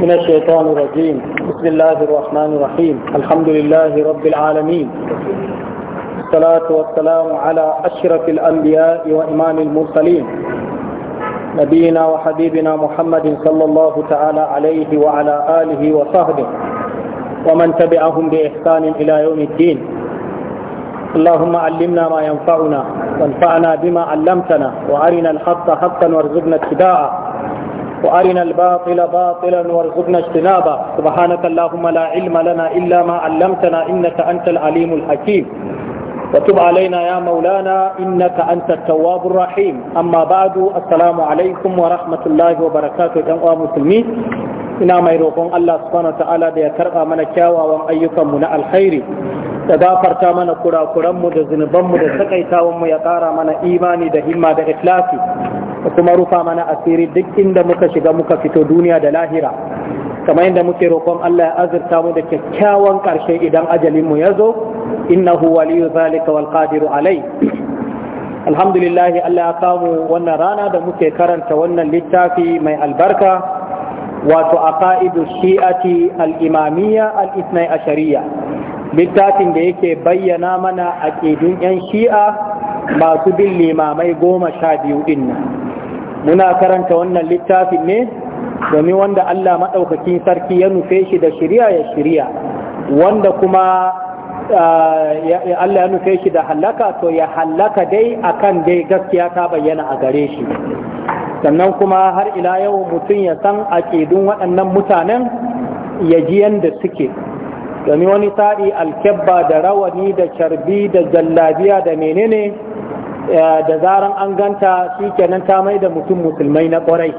من الشيطان الرجيم بسم الله الرحمن الرحيم الحمد لله رب العالمين الصلاة والسلام على أشرف الأنبياء وإمام المرسلين نبينا وحبيبنا محمد صلى الله تعالى عليه وعلى آله وصحبه ومن تبعهم بإحسان إلى يوم الدين اللهم علمنا ما ينفعنا وانفعنا بما علمتنا وأرنا الحق حقا وارزقنا اتباعه وأرنا الباطل باطلا وارزقنا اجتنابه سبحانك اللهم لا علم لنا إلا ما علمتنا إنك أنت العليم الحكيم وتب علينا يا مولانا إنك أنت التواب الرحيم أما بعد السلام عليكم ورحمة الله وبركاته جمع مسلمين ina mai roƙon Allah subhanahu ta'ala da ya karɓa mana kyawawan ayyukanmu na alkhairi da gafarta mana kurakuranmu da zunubanmu da takaitawanmu ya ƙara mana imani da himma da ikhlasi kuma rufa mana asiri duk inda muka shiga muka fito duniya da lahira kamar yadda muke roƙon Allah ya azurta mu da kyakkyawan ƙarshe idan ajalin mu ya zo innahu waliyu zalika wal qadiru alai alhamdulillah Allah ya kawo wannan rana da muke karanta wannan littafi mai albarka wato aqaidu shi'ati al-imamiyya al-ithnai ashariya littafin da yake bayyana mana aqidun yan shi'a masu bin limamai goma sha biyu din nan muna karanta wannan littafin ne domin wanda Allah maɗaukakin sarki ya nufe shi da shirya ya shirya wanda kuma Allah ya nufe shi da hallaka to ya hallaka dai akan dai gaskiya ta bayyana a gare shi sannan kuma har ila yau mutum ya san aƙidun waɗannan mutanen ya ji yadda suke domin wani sa'i alkebba da rawani da carbi da jallabiya da menene da zaran an ganta shi kenan ta mai da mutum musulmai na kwarai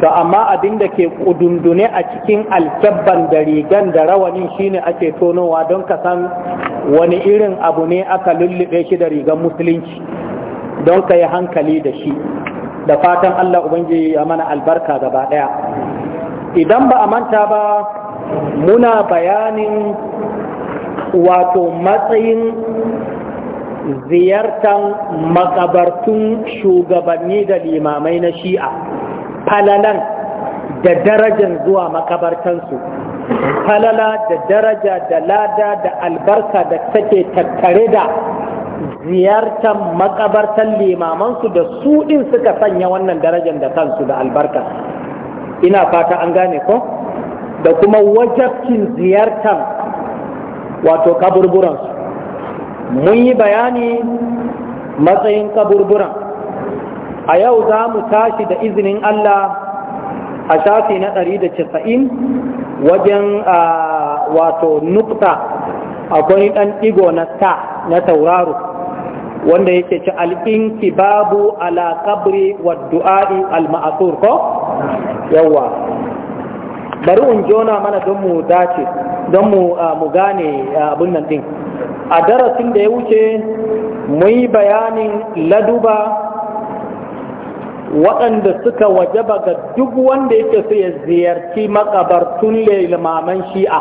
to amma abin da ke ƙudundune a cikin alkyabban da rigan da rawanin shine ake tonowa don ka san wani irin abu ne aka lullube shi da rigan musulunci don ka yi hankali da shi da fatan Allah Ubangiji ya mana albarka gaba ɗaya idan ba a manta ba muna bayanin wato matsayin ziyartan makabartun shugabanni da limamai na shi'a falalan da darajar zuwa makabartansu falala da daraja da lada da albarka da take tattare da ziyartan makabartan limamansu da su ɗin suka sanya wannan darajar da kansu da albarka ina fata an gane ko da kuma wajabcin ziyartan wato kaburburansu mun yi bayani matsayin kaburburan a yau za mu tashi da izinin Allah a shafi na ɗari da casa'in wajen wato nukta akwai ɗan ɗigo na ta na tauraro wanda yake ci al'inki babu ala kabri wa du'a'i al ko? yawa bari in jona mana don mu dace don mu gane abin nan ɗin a darasin da ya wuce muyi bayanin laduba waɗanda suka wajaba ga duk wanda yake so ya ziyarci makabartun limaman shi'a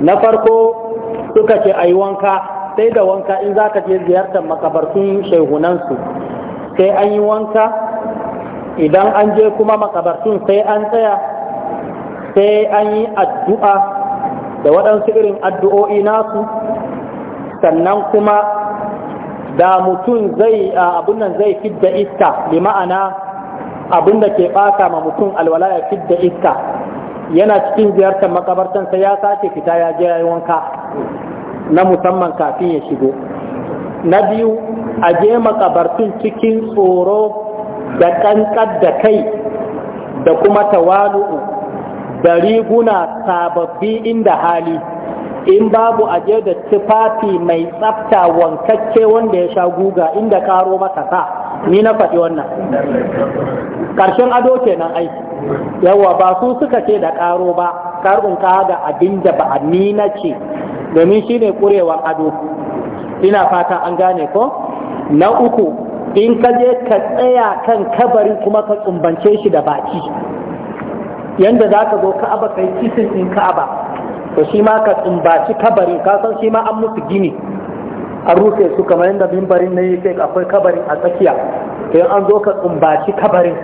na farko suka ce a wanka sai da wanka in za ka je ziyartar makabartun shaihunansu sai an yi wanka idan an je kuma makabartun sai an tsaya sai an yi addu'a da waɗansu irin addu'o'i nasu sannan kuma da mutum zai abin nan zai fidda iska bi ma'ana abun da ke ɓata ma mutum alwala ya fidda iska yana cikin ziyartar makabartan sai ya sake fita ya je yayi wanka na musamman kafin ya shigo na biyu a je makabartun cikin tsoro da ƙanƙar da kai da kuma tawalu'u da riguna sababbi inda hali in babu aje da tufafi mai tsafta wankacce wanda ya sha guga inda karo maka sa ni na faɗi wannan ƙarshen ado kenan ai yawa ba su suka ce da karo ba karɓin ka ga abin da ba a ni ce domin shi ne ƙurewar ado ina fata an gane ko na uku in ka je ka tsaya kan kabari kuma ka tsumbance shi da baki yanda za ka zo ka'aba kai kisin ka ka'aba to shi ma ka tsumbaci kabarin ka san shi ma an musu gini an rufe su kamar yadda mimbarin na yi akwai kabarin a tsakiya to an zo ka tsumbaci kabarin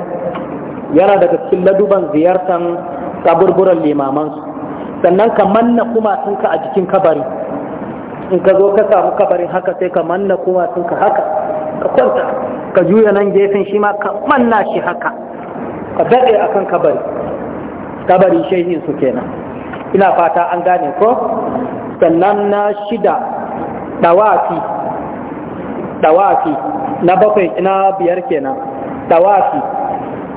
yana daga cikin laduban ziyartan limaman limamansu sannan ka manna ka a jikin kabari in ka zo ka samu kabarin haka sai ka manna ka haka ka kwanta ka juya nan gefen shi ma ka manna shi haka ka daɗe akan kabari kabari shehin su kenan ina fata an gane ko sannan na shida dawafi dawafi na bakwai na biyar kenan dawafi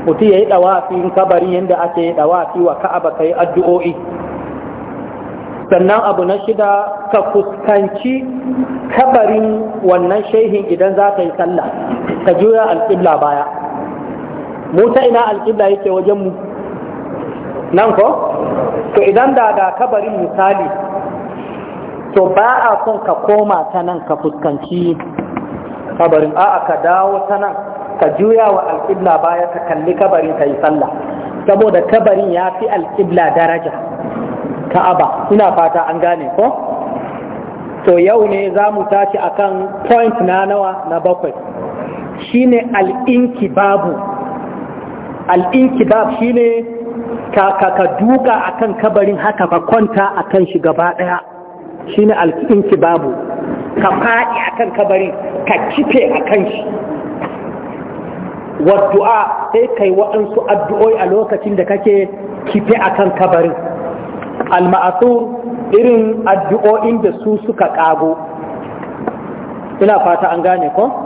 mutum ya yi dawafin kabari yadda ake dawafi wa ka'aba kai addu'o'i sannan abu na shida ka fuskanci kabarin wannan shehin idan za ka yi sallah ka juya alƙibla baya mu ta ina alƙibla yake wajen mu nan ko to idan da da kabarin misali to ba a son ka koma ta nan ka fuskanci kabarin a'a ka dawo ta nan ka juya wa alƙibla baya ka kalli kabarin ka yi sallah saboda kabarin ya fi alƙibla daraja ka aba ina fata an gane ko to yau ne za mu tashi akan point na nawa na bakwai shine al'inki babu al'inki babu shine ka ka ka duka akan kabarin haka ka kwanta akan shi gaba daya shine alkinki babu ka fadi akan kabarin ka kife akan shi waddu'a sai kai waɗansu addu'oi a lokacin da kake kife akan kabarin alma'asu irin addu'o'in da su suka kago ina fata an gane ko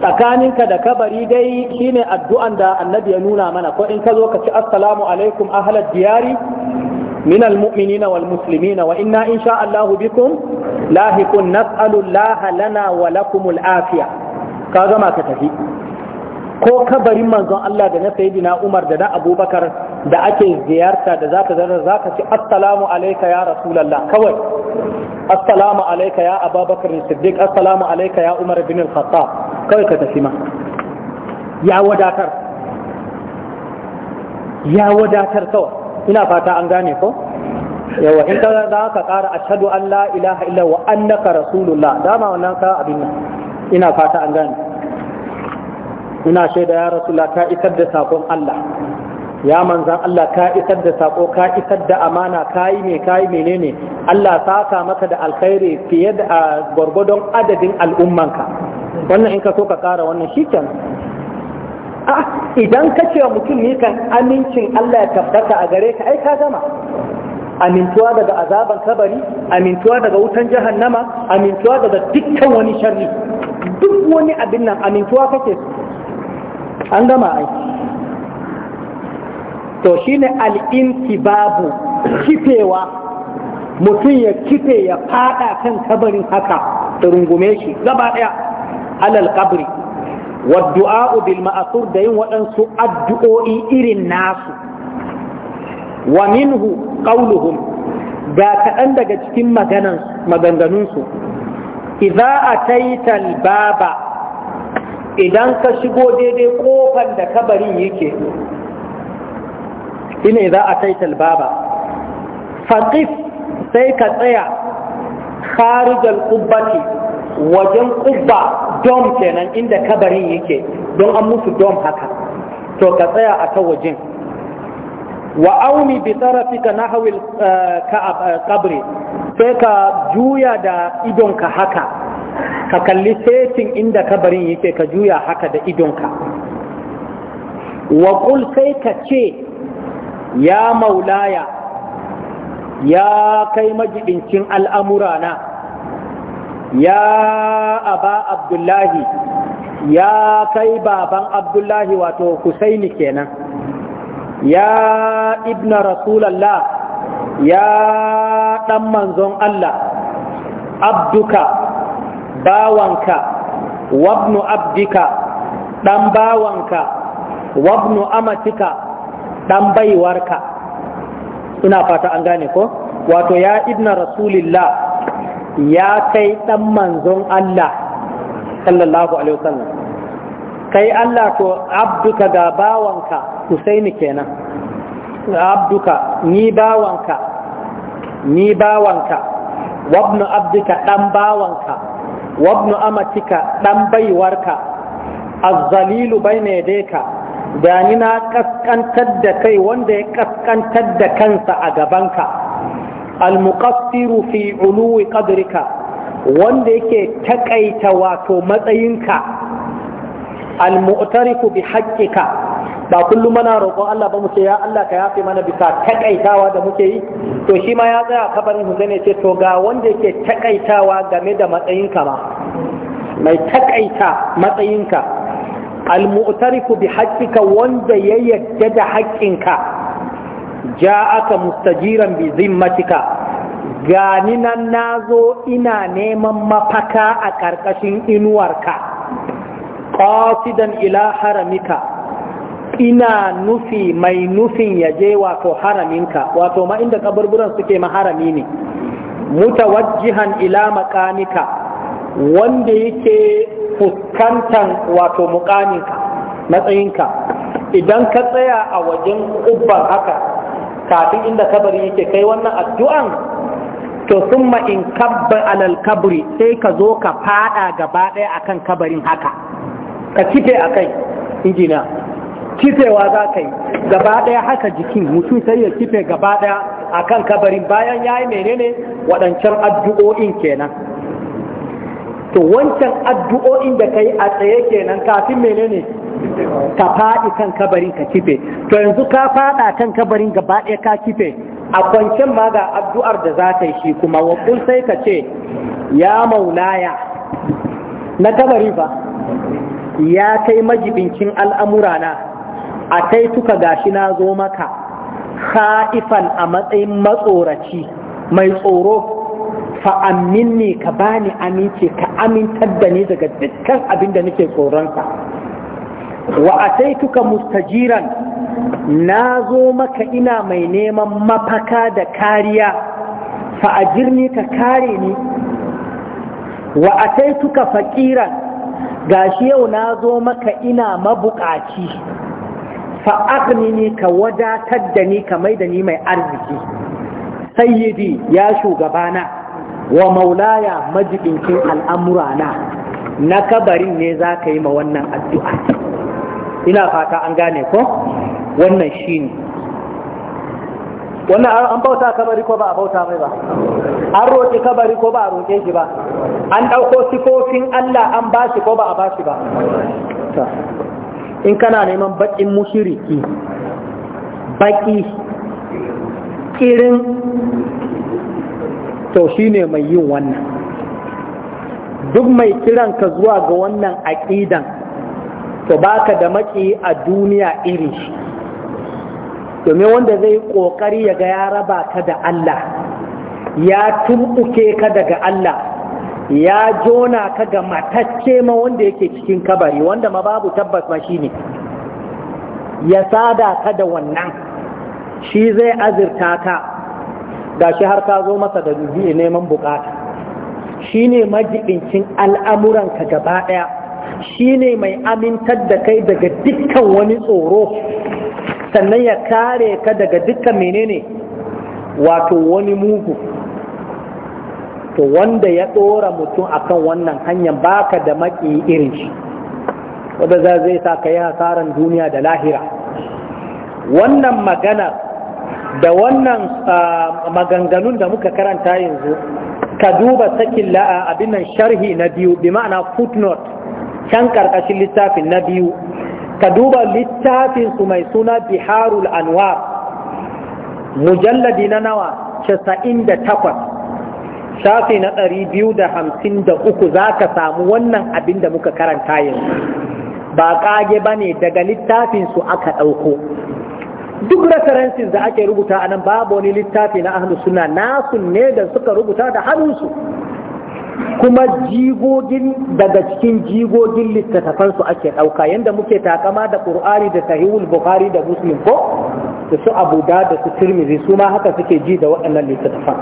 tsakaninka da kabari dai shine addu'an da annabi ya nuna mana ko in ka zo ka ci assalamu alaikum ahlad diyari من المؤمنين والمسلمين وإنا إن شاء الله بكم لاهقون نسأل الله لنا afiya, ka كذا ka tafi, ko kabarin manzon Allah da na Sayyidina Umar da na Abubakar da ake ziyarta da zaka zara zaka ci assalamu alayka ya rasulullah kawai assalamu alayka ya Abubakar Siddiq assalamu alayka ya Umar bin Al-Khattab kawai ka tafi ma ya wadatar ya wadatar kawai ina fata an gane ko yawa in ka za ka ƙara ashadu an la ilaha illa wa annaka rasulullah dama wannan ka abin nan ina fata an gane ina shaida ya rasulullah ka isar da sakon Allah ya manzan Allah ka isar da sako ka isar da amana ka yi ne ka yi menene Allah saka maka da alkhairi fiye da gwargwadon adadin al'ummanka wannan in ka so ka ƙara wannan shi can idan ka ce wa mutum ni kan amincin Allah ya tabbata a gare ka ai ka gama amintuwa daga azaban kabari amintuwa daga wutan jahannama amintuwa daga dukkan wani sharri duk wani abin nan amintuwa kake an gama ai to shine al babu kifewa mutum ya kife ya fada kan kabarin haka da rungume shi gaba daya alal qabri wa du'a bil ma'thur da yin waɗansu addu'o'i irin nasu wa minhu qawluhum ga kaɗan daga cikin maganganunsu idza ataita al baba idan ka shigo daidai kofar da kabarin yake ina idza ataita al baba faqif sai ka tsaya kharijal qubbati wajen ƙubba dom kenan inda kabarin yake don an musu dom haka to ka tsaya a ta wajen wa auni bi tarafika nahwil eh, eh, kabri sai ka juya da idonka haka ka kalli setin inda kabarin yake ka juya haka da idonka wa kul sai ka ce ya maulaya ya kai al'amura al'amurana ya aba abdullahi ya kai baban abdullahi wato husaini kenan ya ibna rasulallah ya ɗan manzon Allah abduka bawanka wabnu abdika ɗan bawanka wabnu amatika ɗan baiwarka ina fata an gane ko wato ya ibna rasulillah ya kai ɗan manzon Allah sallallahu alaihi wasallam kai Allah to abduka ga bawanka Husaini kenan abduka ni bawanka ni bawanka wabnu Abduka ɗan bawanka wabnu amatika ɗan baiwarka Azalilu bai ne ka da ni na kaskantar da kai wanda ya kaskantar da kansa a gabanka almuqassiru fi uluwi qadrika wanda yake takaita wato matsayinka almu'tarifu bi haqqika ba kullum mana roƙo Allah ba mu ce ya Allah ka yafe mana bisa takaitawa da muke yi to shi ma ya tsaya kabarin Hussein gane ce to ga wanda yake takaitawa game da matsayinka ma mai takaita matsayinka almu'tarifu bi haqqika wanda ya yadda da haƙƙinka ja aka mustajiran bi zimmatika gani nan na zo ina neman mafaka a ƙarƙashin inuwarka ƙasidan ila haramika ina nufi mai nufin yaje wato haraminka wato ma inda kaburburan suke maharami ne mutawajjihan ila maqamika wanda yake fuskantan wato muƙaminka matsayinka idan ka tsaya a wajen ƙubban haka kafin inda kabari yake kai wannan addu'an to summa in kabba alal kabri sai ka zo ka fada gaba ɗaya akan kabarin haka ka kife a kai injina kifewa za ka yi gaba ɗaya haka jikin mutum sai ya kife gaba ɗaya akan kabarin bayan ya yi menene waɗancan addu'o'in kenan to wancan addu'o'in da ka yi a tsaye kenan kafin menene ka faɗi kan kabarin ka kife to yanzu ka faɗa kan kabarin gaba ɗaya ka kife a kwancen ma ga addu'ar da za ka yi shi kuma wa sai ka ce ya maulaya na kabari ba ya kai majibincin al'amura na a kai tuka gashi na zo maka ha'ifan a matsayin matsoraci mai tsoro fa'amin ne ka bani amince ka amintar da ni daga dukkan abin da nake tsoronka. wa ataituka mustajiran na zo maka ina mai neman mafaka da kariya fa ajirni ka kare ni wa ataituka faqiran gashi yau na zo maka ina mabukaci fa aghnini ka wadatar da ni ka da ni mai arziki sayyidi ya shugabana wa maulaya majibincin al'amurana na kabarin ne za ka yi ma wannan addu'a ina fata an gane ko wannan shi ne wannan an bauta kabari ko ba a bauta mai ba an roƙi kabari ko ba a roƙe shi ba an ɗauko sifofin Allah an ba shi ko ba a ba shi ba in kana neman baƙin mushiriki baƙi irin to shi ne mai yin wannan duk mai kiranka zuwa ga wannan aƙidan to baka da maki a duniya iri shi domin wanda zai kokari ya ga ya raba ka da Allah ya tumbuke ka daga Allah ya jona ka ga matacce ma wanda yake cikin kabari wanda ma babu tabbas ma shine ya sada ka da wannan shi zai azurta ka ga shi har ka zo masa da neman bukata shi ne al'amuran al'amuranka gaba ɗaya Shi ne mai amintar da kai daga dukkan wani tsoro sannan ya kare ka daga dukkan menene wato wani mugu to wanda ya ɗora mutum akan wannan hanyar baka da maki irin shi wadda za zai sa ka yi hasaran duniya da lahira wannan magana da wannan maganganun da muka karanta yanzu ka duba sakin abin abinan sharhi na biyu bi ma'ana footnote can ƙarƙashin littafin na biyu ka duba littafinsu mai suna biharul anwar mujalladi na nawa casa'in da takwas shafi na ɗari biyu da hamsin da uku za ka samu wannan abin da muka karanta yanzu ba ƙage ba ne daga littafinsu aka ɗauko duk references da ake rubuta a nan babu wani littafi na ahlus suna nasu ne da suka rubuta da haɗinsu. kuma jigogin daga cikin jigogin littattafan su ake ɗauka yadda muke takama da ƙur'ani da sahihul bukhari da muslim ko da su abu da da su tirmizi su ma haka suke ji da waɗannan littattafan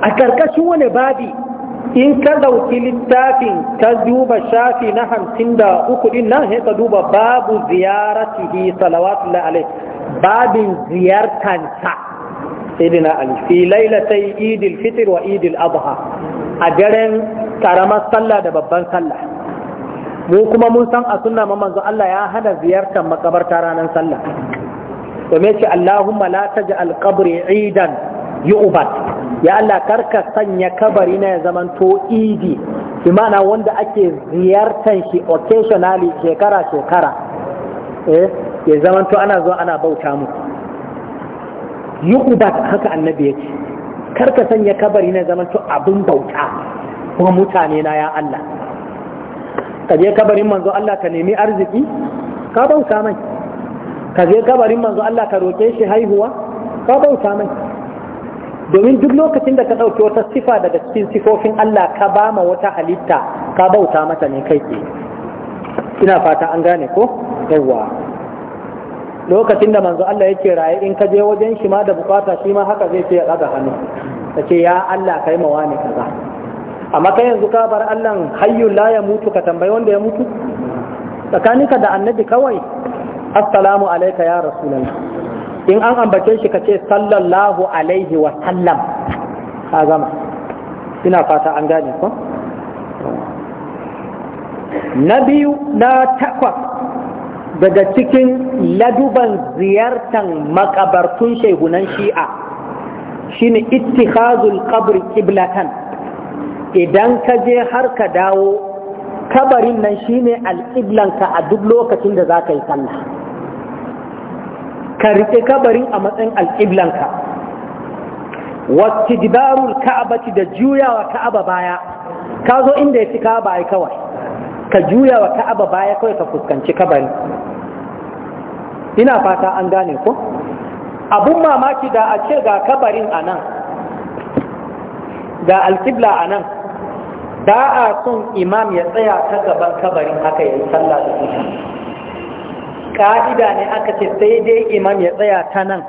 a ƙarƙashin wani babi in ka ɗauki littafin ka duba shafi na hamsin da uku ɗin nan sai ka duba babu ziyaratihi salawatullahi alaihi babin ziyartansa sayyidina ali fi lailatai idil fitr wa idil adha a daren karamar sallah da babban sallah mu kuma mun san a sunna ma manzo Allah ya hana ziyartar makabarta ranar sallah me ce Allahumma la taj'al qabri idan yu'bad ya Allah karka sanya kabari na ya zamanto idi bi ma'ana wanda ake ziyartar shi occasionally shekara shekara eh ya zamanto ana zuwa ana bauta mu yuqbat haka annabi yake kar ka sanya kabari na zaman to abin bauta kuma mutane na ya Allah ka je kabarin manzo Allah ka nemi arziki ka bauta mai ka je kabarin manzo Allah ka roke shi haihuwa ka bauta mai domin duk lokacin da ka ɗauki wata sifa daga cikin sifofin Allah ka ba ma wata halitta ka bauta mata ne kai ke ina fata an gane ko yawwa lokacin da manzo Allah yake raye in ka je wajen shi ma da bukata shi ma haka zai ce ya daga hannu ta ce ya Allah kai mawa ne kaza amma kai yanzu ka bar Allah hayyul la ya mutu ka tambayi wanda ya mutu tsakaninka da annabi kawai assalamu alayka ya rasulullah in an ambace shi ka ce sallallahu alaihi wa sallam ka gama ina fata an gane ko na biyu na takwas daga cikin laduban ziyartan makabartun shehunan shi'a shine ittikhazul qabri qiblatan idan ka je har ka dawo kabarin nan shine alƙiblanka a duk lokacin da za ka yi sallah ka riƙe kabarin a matsayin alƙiblanka wacce dibarul ka'abati da juyawa ka'aba baya ka zo inda ya fi ka'aba ai kawai ka juya wa ka'aba baya kawai ka fuskanci kabarin ina fata an gane ko abun mamaki da a ce ga kabarin a nan ga alkibla a nan ba a son imam ya tsaya ta gaban kabarin haka ya yi sallah da ita ka'ida ne aka ce sai dai imam ya tsaya ta nan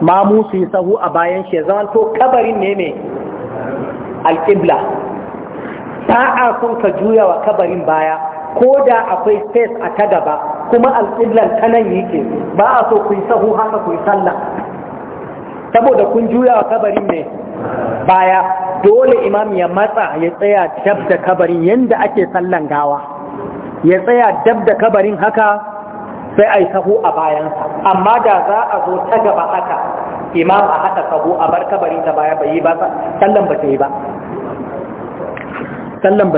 mamu su yi sahu a bayan shi ya zama to kabarin ne mai alkibla ba a son ka juya wa kabarin baya ko da akwai space a ta gaba kuma alƙiblan ta nan yake ba a so ku yi sahu haka ku yi sallah saboda kun juya wa kabarin ne baya dole imam ya matsa ya tsaya dab da kabarin yanda ake sallan gawa ya tsaya dab da kabarin haka sai a yi sahu a bayansa amma da za a zo ta gaba haka imam a haɗa sahu a bar kabarin ta baya bai yi ba ba sallan ba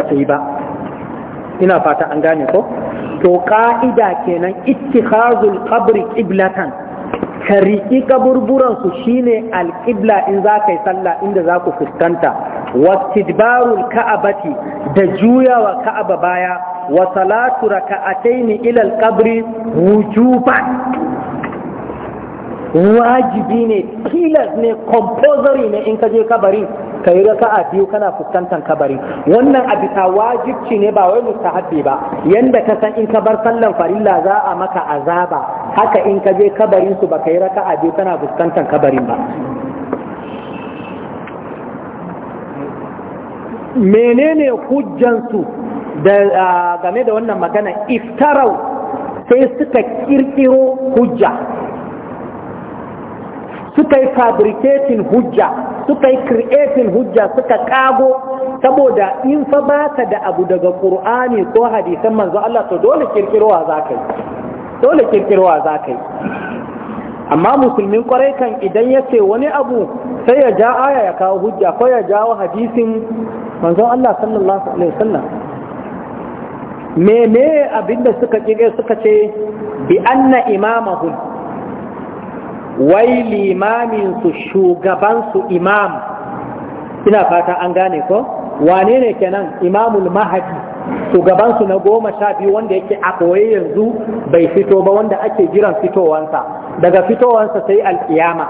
ta yi ba ina fata an gane ko to ka'ida kenan ittikhazul qabr qiblatan ka riƙi kaburburan su shine alƙibla in za ka yi sallah inda za ku fuskanta wastidbarul ka'abati da juyawa ka'aba baya wa salatu raka'ataini ila alqabri wujuban wajibi ne tilas ne compulsory ne in ka je kabarin. ka yi a biyu kana fuskantar kabari wannan a bisa wajibci ne ba wai haɗe ba yanda ka san in ka bar sallan farilla za a maka azaba haka in ka je kabarinsu su ka yi a biyu kana fuskantar kabarin ba menene hujjansu da game da wannan magana iftarau sai suka kirkiro hujja suka yi fabricatin hujja suka yi creating hujja suka kago saboda in fa baka da abu daga qur'ani ko hadisan manzo Allah to dole kirkirowa zakai dole kirkirowa zakai amma musulmin kwarai kan idan ya ce wani abu sai ya ja aya ya kawo hujja ko ya jawo hadisin manzon Allah sallallahu alaihi wasallam mene abinda suka kike suka ce bi anna imamahu wai limaminsu shugabansu imam ina fata an gane ko wane ne kenan imamul mahadi shugabansu na goma sha biyu wanda yake a koye yanzu bai fito ba wanda ake jiran fitowansa daga fitowansa sai aliyama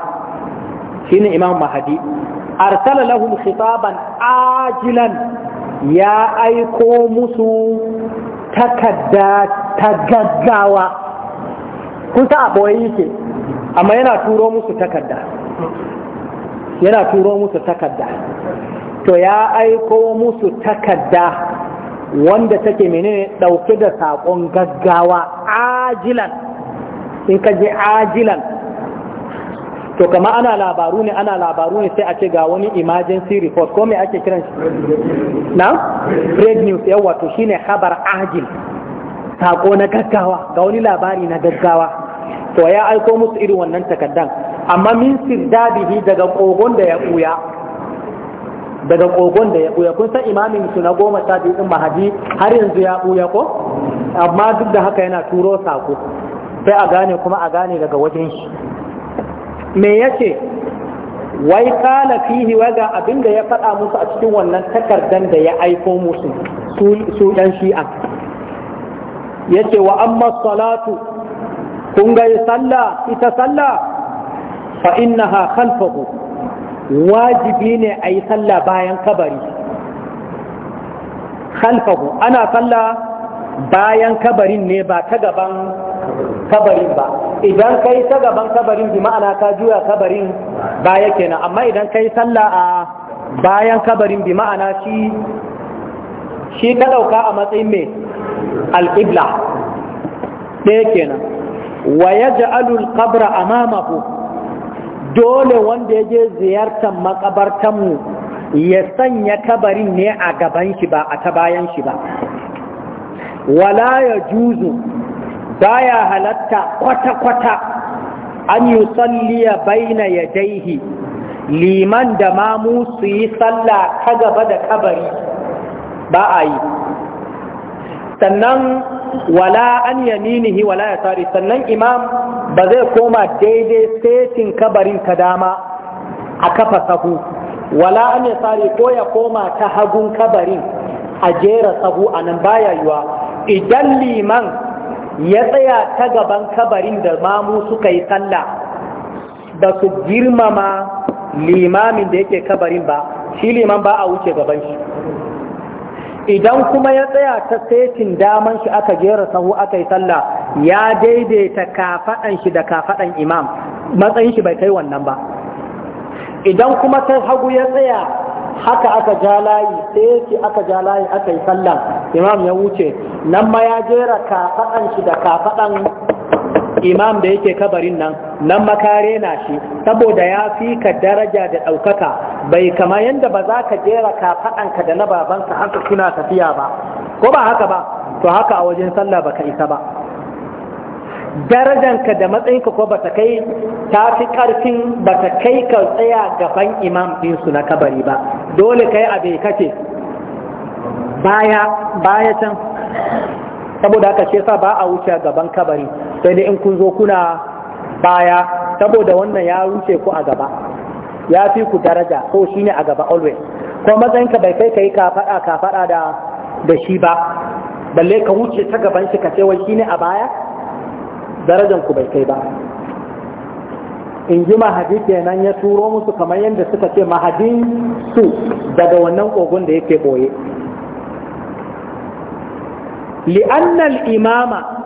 shine imam mahadi arsala lahum khitaban ajilan ya aiko musu takadda ta gaggawa kun ta a boye yake amma yana turo musu takarda yana turo musu takarda to ya aiko musu takarda wanda take menene dauke da sakon gaggawa ajilan in ka je ajilan to kama ana labaru ne ana labaru ne sai a ce ga wani emergency report ko mai ake kiran shi na red news yawa to shine habar ajil sako na gaggawa ga wani labari na gaggawa to ya aiko musu irin wannan takaddan amma min sirdabihi daga kogon da ya buya daga kogon da ya buya kun san imamin su na goma sha biyu din mahadi har yanzu ya buya ko amma duk da haka yana turo sako sai a gane kuma a gane daga wajen shi me yace wai kala fihi waga abinda ya faɗa musu a cikin wannan takardan da ya aiko musu su dan shi'a yace wa amma salatu kun ga sallah ita sallah fa innaha khalfahu wajibi ne a yi sallah bayan kabari khalfahu ana sallah bayan kabarin ne ba ta gaban kabarin ba idan kai ta gaban kabarin bi ma'ana ka juya kabarin baya kenan amma idan kai sallah a bayan kabarin bi ma'ana shi shi ka ɗauka a matsayin mai alƙibla ɗaya kenan wa yaj'alu al-qabra amamahu dole wanda ya je ziyartar makabartan mu ya sanya kabarin ne a gaban shi ba a ta bayan shi ba wala yajuzu baya halatta kwata kwata an yusalliya baina daihi, liman da mamu su yi sallah ta gaba da kabari ba a yi sannan wala an yaminihi wala ya tari sannan imam ba zai koma daidai setin kabarin ta dama a kafa sahu wala an ya tari ko ya koma ta hagun kabarin a jera sahu a nan baya yiwa idan liman ya tsaya ta gaban kabarin da mamu suka yi sallah ba su girmama limamin da yake kabarin ba shi liman ba a wuce gaban shi idan kuma ya tsaya ta setin daman shi aka jera sahu aka yi sallah ya daidaita kafadan shi da kafadan imam matsayin shi bai kai wannan ba idan kuma ta hagu ya tsaya haka aka ja layi sai aka ja layi aka yi sallah imam ya wuce nan ma ya jera kafadan shi da kafadan imam da yake kabarin nan nan makare na shi saboda ya fi ka daraja da ɗaukaka bai kama yadda ba za ka jera kafaɗanka da na babanka haka kuna tafiya ba ko ba haka ba to haka a wajen sallah baka isa ba darajanka da matsayinka ko ba ta kai ta fi ƙarfin ta kai ka tsaya gaban imam ɗinsu na kabari ba dole kai abe kace baya baya can saboda haka shi yasa ba a wuce gaban kabari sai dai in kun zo kuna baya saboda wannan ya wuce ku a gaba ya fi ku daraja ko shi ne a gaba always ko matsayinka bai kai ka fada ka fada da da shi ba balle ka wuce ta gaban shi ka ce wai ne a baya darajan ku bai kai ba in ji mahadi kenan ya turo musu kamar yadda suka ce mahadin su daga wannan kogon da yake boye li'annal imama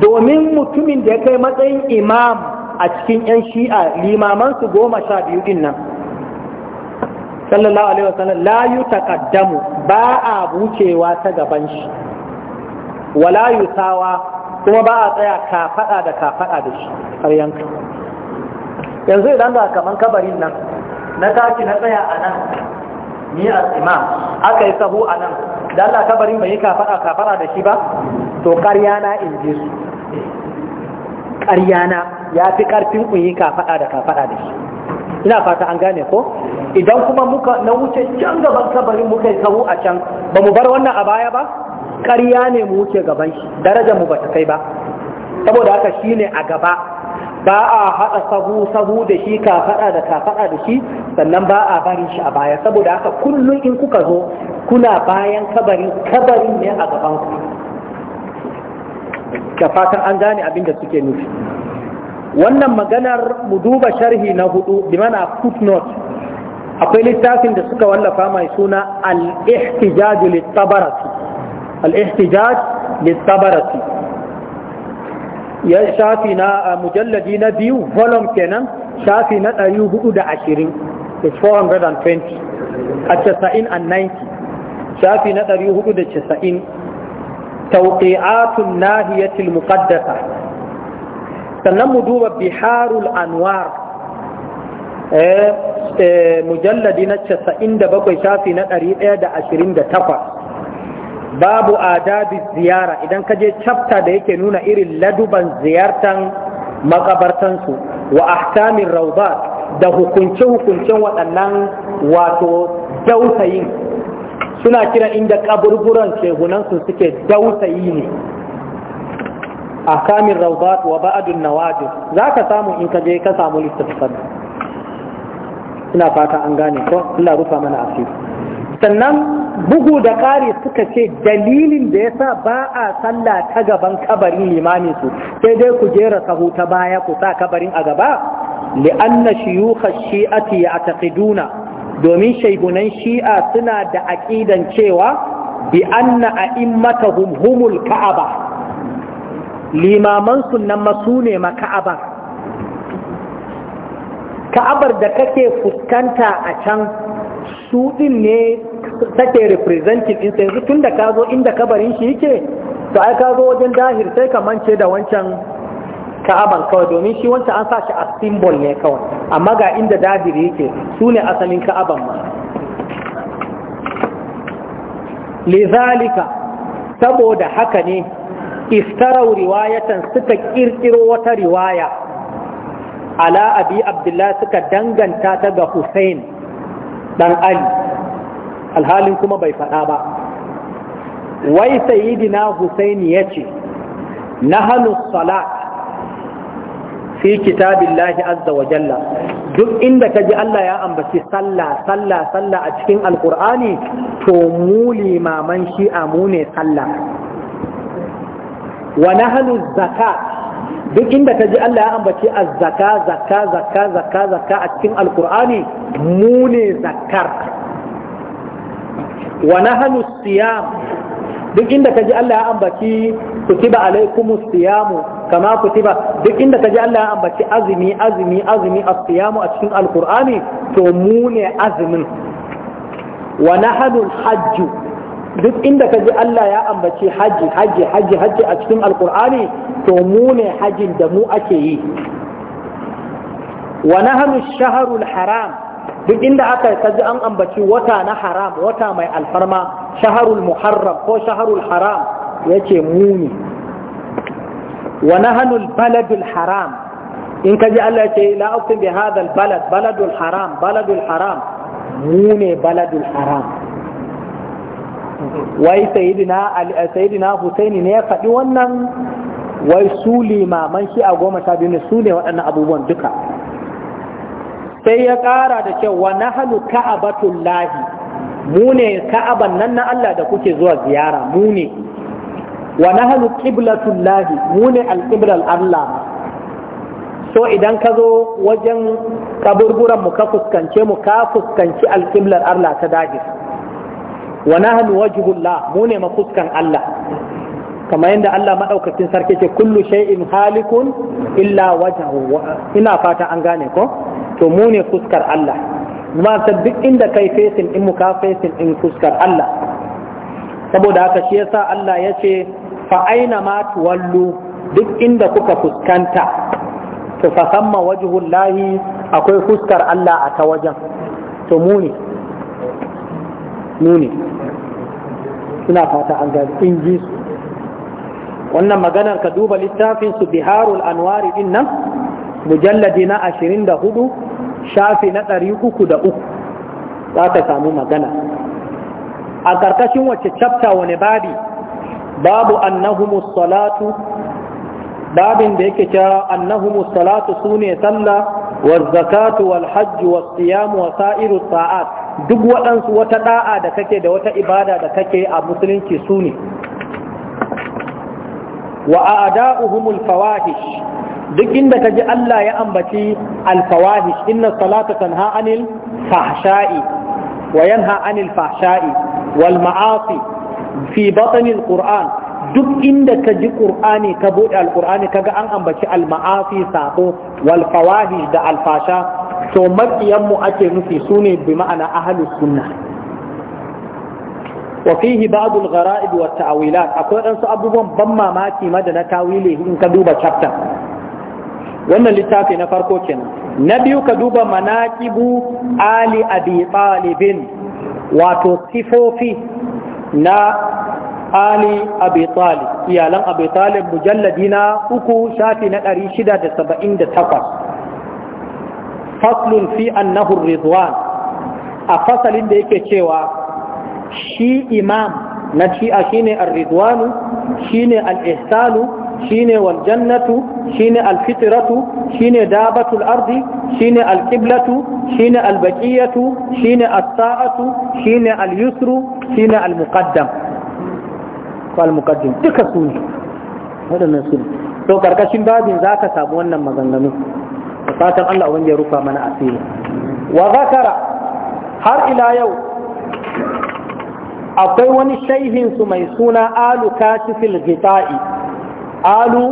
domin mutumin da ya kai matsayin imam a cikin 'yan shi'a limamansu goma sha biyu din nan sallallahu alaihi wasallam la taqaddamu ba a bucewa ta gaban shi wala yusawa kuma ba a tsaya kafaɗa da kafaɗa da shi har yanka yanzu idan da kaman kabarin nan na tashi na tsaya a nan ni a imam aka yi sahu a nan da Allah kabarin bai yi kafara kafara da shi ba to ƙarya na in ji su ƙarya na ya fi ƙarfin ku yi kafara da kafara da shi ina fata an gane ko idan kuma muka na wuce can gaban kabarin muka yi kawo a can ba mu bar wannan a baya ba ƙarya ne mu wuce gaban shi darajar mu ba ta kai ba saboda haka shine a gaba ba a haɗa sahu sahu da shi ka faɗa da ka faɗa da shi sannan ba a bari shi a baya saboda haka kullum in kuka zo kuna bayan kabarin kabarin ne a gaban ku da fatan an gane abin da suke nufi wannan maganar mu duba sharhi na hudu bi mana footnote akwai littafin da suka wallafa mai suna al-ihtijaj lit-tabarati al-ihtijaj lit-tabarati ya shafi na mujalladi na biyu volume kenan shafi na 420 is 420 a 90 and 90 shafi na 490 tawqi'atun nahiyatil muqaddasa sannan mu duba biharul anwar eh, eh, mujalladi na 97 shafi na 128 babu adabi ziyara idan ka je chapter da yake nuna irin laduban ziyartan makabartansu wa ahkamin raubat da hukunce-hukuncen waɗannan wato dausayin suna kira inda kaburburan shehunansu suke dausayi ne ahkamin raubat wa ba'adun nawajin za ka samu in ka je ka samu littattafan ina fata an gane ko Allah rufa mana asiri sannan bugu da ƙari suka ce dalilin da ya sa ba a sallah ta gaban kabarin limamin su sai dai ku jera sahu ta baya ku sa kabarin a gaba li'anna shiyukha shi'ati ya'taqiduna domin shaihunan shi'a suna da aqidan cewa bi anna a'immatuhum humul ka'aba limaman sunnan masu ne ma ka'abar da kake fuskanta a can su din ne take representing in sai tun da ka zo inda kabarin shi yake to ai ka zo wajen dahir sai ka mance da wancan ka'aban kawai domin shi wancan an sa shi a symbol ne kawai amma ga inda dahir yake su ne asalin ka'aban ma lizalika saboda haka ne istarau riwayatan suka kirkiro wata riwaya ala abi Abdullahi suka danganta ta ga Hussein dan ali alhalin kuma bai faɗa ba wai sayyidina husaini ya ce nahanu salat fi kitabillahi azza wa jalla duk inda ka ji Allah ya ambaci sallah sallah sallah a cikin alkur'ani to mu limaman shi'a mu ne sallah wa nahanu zakat duk inda ka ji Allah ya ambaci azzaka zakka zakka zakka zakka a cikin alkur'ani mu ne zakkar wa nahnu siyam duk inda ka ji Allah ya ambaci kutiba alaikum siyamu kama kutiba duk inda ka ji Allah ya ambaci azumi azumi azumi as-siyamu a cikin alkur'ani to mu ne azumin wa nahnu hajju duk inda ka ji Allah ya ambaci haji haji haji haji a cikin alkur'ani to mu ne hajin da mu ake yi wa nahnu shaharul haram duk inda aka kaji an ambaci wata na haram wata mai alfarma shaharul muharram ko shaharul haram yace mu ne wa nahnu baladul haram in kaji Allah yace la uqsim bi hadha al balad baladul haram baladul haram mu ne baladul haram wai sayidina eh, sayidina husaini ne ya faɗi wannan wai su limaman shi a goma sha biyu ne su ne waɗannan abubuwan duka sai ya ƙara da cewa na halu ka'abatun lahi mu ne ka'aban nan na Allah da kuke zuwa ziyara mu ne wa na halu ƙiblatun lahi mu ne alƙiblar Allah so idan ka zo wajen kaburburan mu ka fuskance mu ka fuskanci alƙiblar Allah ta dajis wa nahnu wajhullah mu ne mafuskan Allah kamar yadda Allah madaukakin sarki ce kullu shay'in halikun illa wajhu ina fata an gane ko to mu ne fuskar Allah kuma ta duk inda kai fesin in muka fesin in fuskar Allah saboda haka shi yasa Allah ya ce fa aina ma tuwallu duk inda kuka fuskanta to fa samma wajhullahi akwai fuskar Allah a ta wajen to mu ne mu ne suna fata an gani in ji su wannan maganar ka duba littafin su biharul anwari din nan mujalladi na ashirin da hudu shafi na ɗari uku da uku za ta samu magana a ƙarƙashin wacce chapter wani babi babu annahumus salatu babin da yake cewa annahumus salatu sune sallah wa zakatu wal hajj wa siyam wa sa'iru sa'at duk waɗansu wata ɗa'a da kake da wata ibada da kake a musulunci su ne wa a'da'uhumul fawahish duk inda kaji Allah ya ambaci alfawahish inna salata tanha anil fahsha'i wa yanha anil fahsha'i wal ma'asi fi batni al duk inda kaji qur'ani ka bude al kaga an ambaci al-ma'asi sako wal fawahish da al-fasha to maƙiyanmu ake nufi su ne bi ma'ana ahalus sunna wa fihi ba'd al-gharaib wa ta'wilat akwai dan su abubuwan ban mamaki ma da na tawili in ka duba chapter wannan littafi na farko kenan na biyu ka duba manaqibu ali abi talibin wato sifofi na ali abi talib iyalan abi talib mujalladi na uku shafi na 678 faslun fi'an annahu ridwan a fasalin da yake cewa shi imam na shi'a shine ar-ridwanu shine al-ihsanu shine wal shine al-fitratu shine dabatul ardi shine al-qiblatu shine al-baqiyatu shine as shine al-yusru shine al-muqaddam duka to karkashin babin zaka samu wannan maganganu da fatan Allah wanda ya rufa mana asiri wa zakara har ila yau akwai wani shaihin su mai suna alu kashif al-ghita'i alu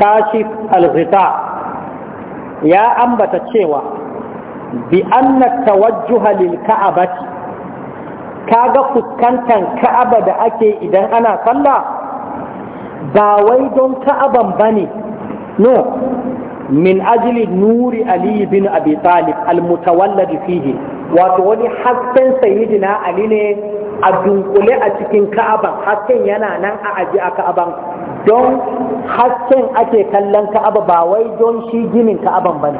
kashif al-ghita ya ambata cewa bi anna tawajjuha lil ka'abati kaga fuskantan ka'aba da ake idan ana sallah ba wai don ka'aban bane no min ajili nuri ali bin abi talib mutawalladi fihi wato wani hasken sayyidina ali ne a dunkule a cikin ka'aban hasken yana nan a aji a ka'aban don hasken ake kallon ka'aba ba wai don shi ginin ka'aban ba ne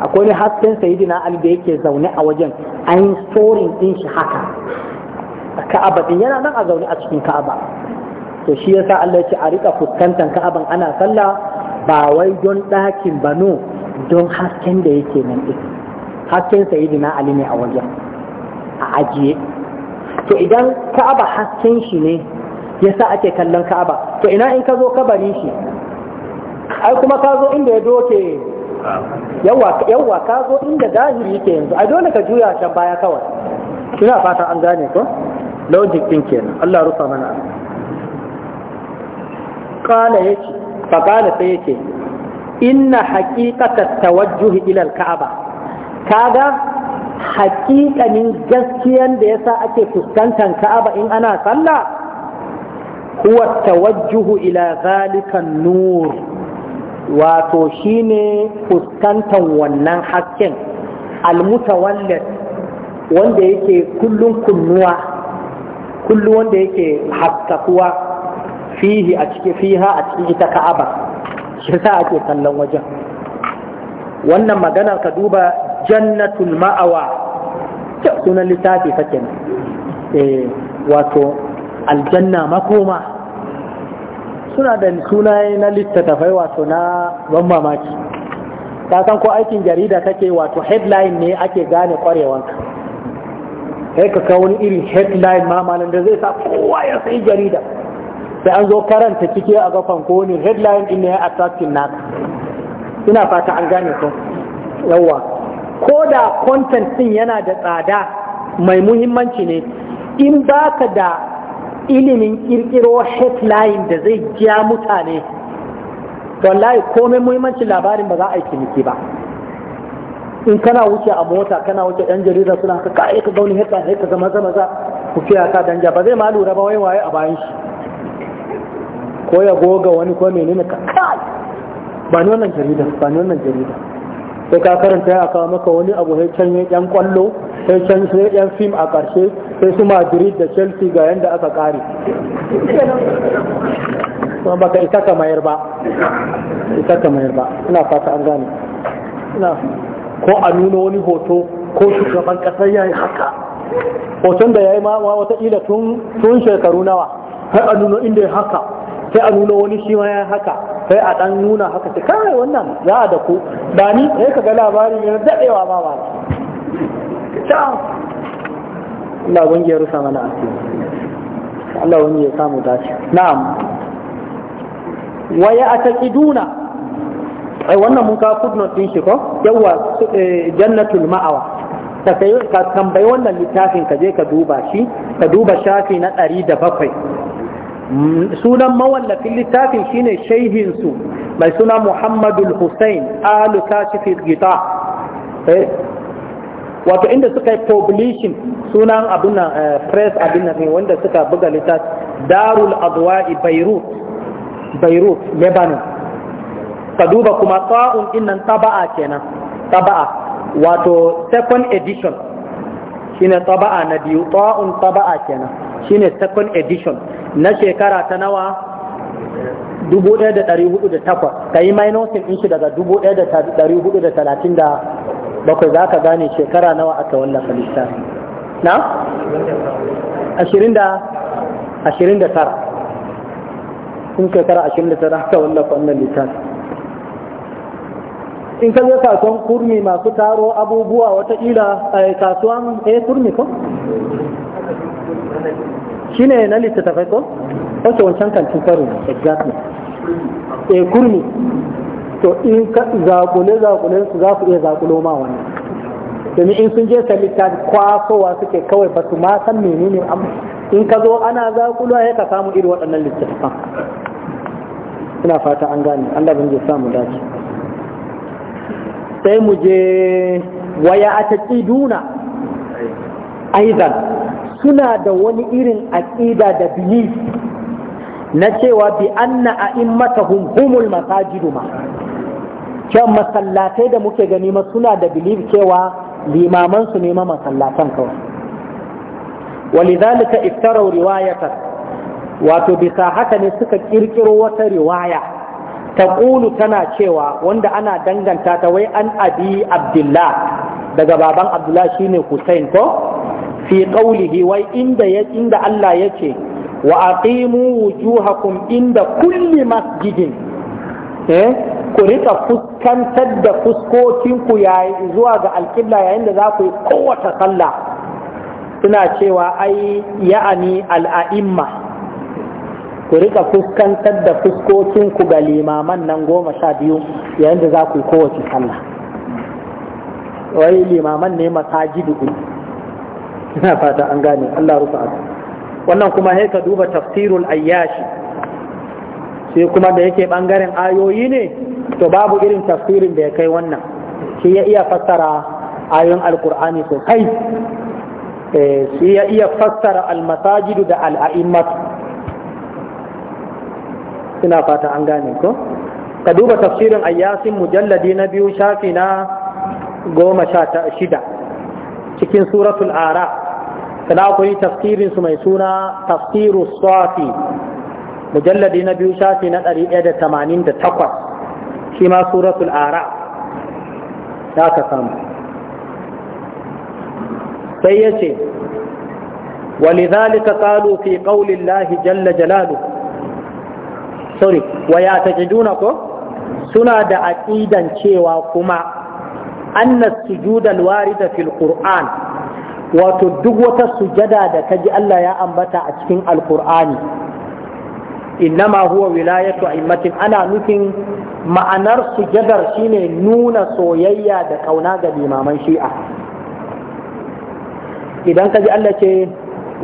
akwai wani hasken sayyidina ali da yake zaune a wajen an sorin din shi haka ka'aba din yana nan a zaune a cikin ka'aba to shi yasa Allah ya ce a rika fuskantar ka'aban ana sallah ba wai don ɗakin ba no don hasken da yake nan ɗin hasken sayidina ali ne a wajen a ajiye to idan ka'aba hasken shi ne ya sa ake kallon ka'aba to ina in ka zo bari shi ai kuma ka zo inda ya doke yawwa ka zo inda zahiri yake yanzu a dole ka juya can baya kawai ina fata an gane ko logic din kenan Allah rufa mana قال yace faƙala sai yake inna haƙiƙata tawajjuhi ilal ka'aba kaga haƙiƙanin gaskiyan da yasa ake fuskantar ka'aba in ana sallah huwa tawajjuhu ila zalikan nur wato shine fuskantar wannan haƙƙin almutawallid wanda yake kullun kunnuwa kullu wanda yake haskakuwa fihi a cikin fiha a cikin ita ka'aba shi sa ake kallon wajen wannan magana ka duba jannatul ma'awa sunan littafi kake kenan eh, wato aljanna makoma suna da sunaye na littattafai wato na ban mamaki ta san ko aikin jarida take wato headline ne ake gane kwarewanka sai ka kawo wani irin headline ma da zai sa kowa ya sai jarida sai an zo karanta kike a ga ko ne headline din ne attracting naka ina fata an gane ko yawa ko da content din yana da tsada mai muhimmanci ne in baka da ilimin kirkiro headline da zai jiya mutane wallahi komai muhimmancin labarin ba za a yi miki ba in kana wuce a mota kana wuce ɗan jarida suna ka ka gauni headline ka zama zama za ku fiya ka danja ba zai ma lura ba wai waye a bayan shi ko ya goga wani ko menene ka kakai ba ni wannan jarida ba ni wannan jarida sai ka karanta ya kawo maka wani abu sai can ya yan kwallo sai can sai yan fim a karshe sai su Madrid da Chelsea ga yanda aka kare kuma ka isa ka mayar ba isa ka mayar ba ina fata an gane ina ko a nuna wani hoto ko shugaban kasar yayi haka hoton da yayi ma wata ila tun shekaru nawa har a nuna inda ya haka sai a nuna wani shi ma ya haka sai a dan nuna haka sai kai wannan za a da ku ba ni sai ka ga labarin yana dadewa ba ba ta Allah wani ya rusa mana asiri Allah wani ya samu dace na'am wa ya ataqiduna ai wannan mun ka footnote din shi ko yawa eh, jannatul ma'awa ka tambayi wannan littafin ka je ka duba shi ka duba shafi na ɗari da bakwai sunan mawallafin littafin shine shaihinsu mai suna Muhammadu hussein alu kashifi gita eh? wato inda suka yi publishing sunan abin eh, press abin nan wanda suka buga littafi darul adwa'i beirut beirut lebanon ka duba kuma tsawon innan taba'a kenan taba'a wato second edition shine taba'a na biyu tsawon taba'a kenan shine second edition na shekara ta nawa 1408 ka yi minosin in shi daga 1437 za ka gane shekara nawa aka wallafa Lissafi, na? 29 sun shekara 29 aka wallafa wannan littafi in ka je kasuwan kurmi masu taro abubuwa watakila a eh, kasuwan eh kurmi ko shi ne na littattafai ko ɗauke wancan kantin karo exactly eh kurmi to in ka zakule zakule su za su iya zakulo ma wannan domin in sun je sami kwasowa suke kawai ba su ma san menene amma in ka zo ana zakulo ya ka samu irin waɗannan littattafan ina fata an gane Allah bin ya samu dace sai mu je waya a duna aizan suna da wani irin aƙida da belief na cewa bi anna a immata humhumul masajidu ma can masallatai da muke gani ma suna da bilif cewa limaman su nema masallatan kawai walidhalika iftarau riwayatan wato bisa haka ne suka kirkiro wata riwaya taqulu tana cewa wanda ana danganta ta wai an abi abdullah daga baban abdullah shine Husain ko fi qawlihi wai inda inda Allah ce wa aqimu wujuhakum inda kulli masjidin eh ku rika fuskantar da fuskokinku yayi zuwa ga alƙibla yayin da za ku yi kowace sallah suna cewa ai ya'ani al'a'imma ku rika fuskantar da fuskokinku ga limaman nan goma sha biyu yayin da za ku yi kowace sallah wai limaman ne masajidu ina fata an gane Allah rufa asu wannan kuma sai ka duba tafsirul ayyashi sai kuma da yake bangaren ayoyi ne to babu irin tafsirin da ya kai wannan shi ya iya fassara ayoyin alkur'ani sosai eh, shi ya iya fassara almasajidu da al'a'immatu ina fata an gane ko ka duba tafsirin ayyasin mujalladi na biyu shafi na goma sha shida cikin suratul ara sana akwai tafsirin su mai suna tafsiru safi mujalladi na biyu shafi na ɗari ɗaya da tamanin da takwas shi ma suratul ara za ka samu sai ya ce ولذلك قالوا في قول الله جل جلاله sorry wa ya ko suna da aƙidan cewa kuma anna sujudal warida fil qur'an wato duk wata sujada da kaji Allah ya ambata a cikin alqur'ani innama huwa wilayatu a'immatin ana nufin ma'anar sujadar shine nuna soyayya da kauna ga limaman shi'a idan kaji Allah ce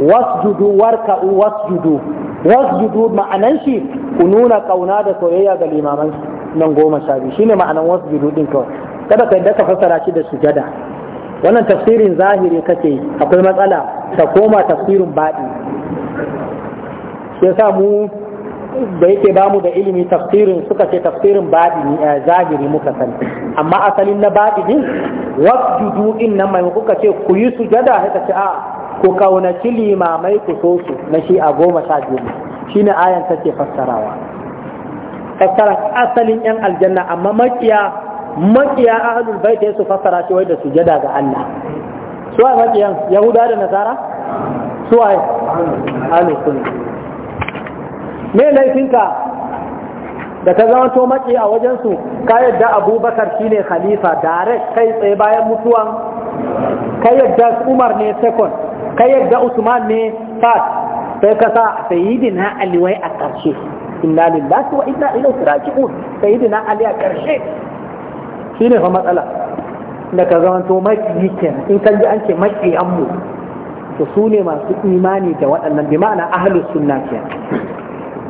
wasjudu warka'u wasjudu wasjudu ma'anan shi ku nuna kauna da soyayya ga limaman nan goma sha biyu shine ma'anan wasjudu din kawai kada ka yadda ka fassara shi da sujada wannan tafsirin zahiri kake akwai matsala ta koma tafsirin baɗi shi yasa mu da yake ba mu da ilimi tafsirin suka ce tafsirin baɗini eh, zahiri muka sani amma asalin na baɗinin wasjudu in nan mai kuka ce ku yi sujada haka ce a ah, ku kaunaci limamai ku so su na shi a goma sha biyu ne ayan ta ce fassarawa fassaran asalin yan aljanna amma makiya makiya ahlul bait su fassara shi wai da sujada ga Allah su makiyan yahuda da nasara su ai ahlus sunna me laifinka da ka zama to maki a wajensu ka yadda abubakar shine khalifa direct kai tsaye bayan mutuwan ka yadda umar ne second ka yadda usman ne third sai ka sa sayyidina ali wai a ƙarshe inna lillahi wa inna ilaihi raji'un sayyidina ali a ƙarshe shine fa matsala da ka zama to maki kenan in kan ji an ce maki an mu to su ne masu imani da waɗannan bi ma'ana ahlus sunna kenan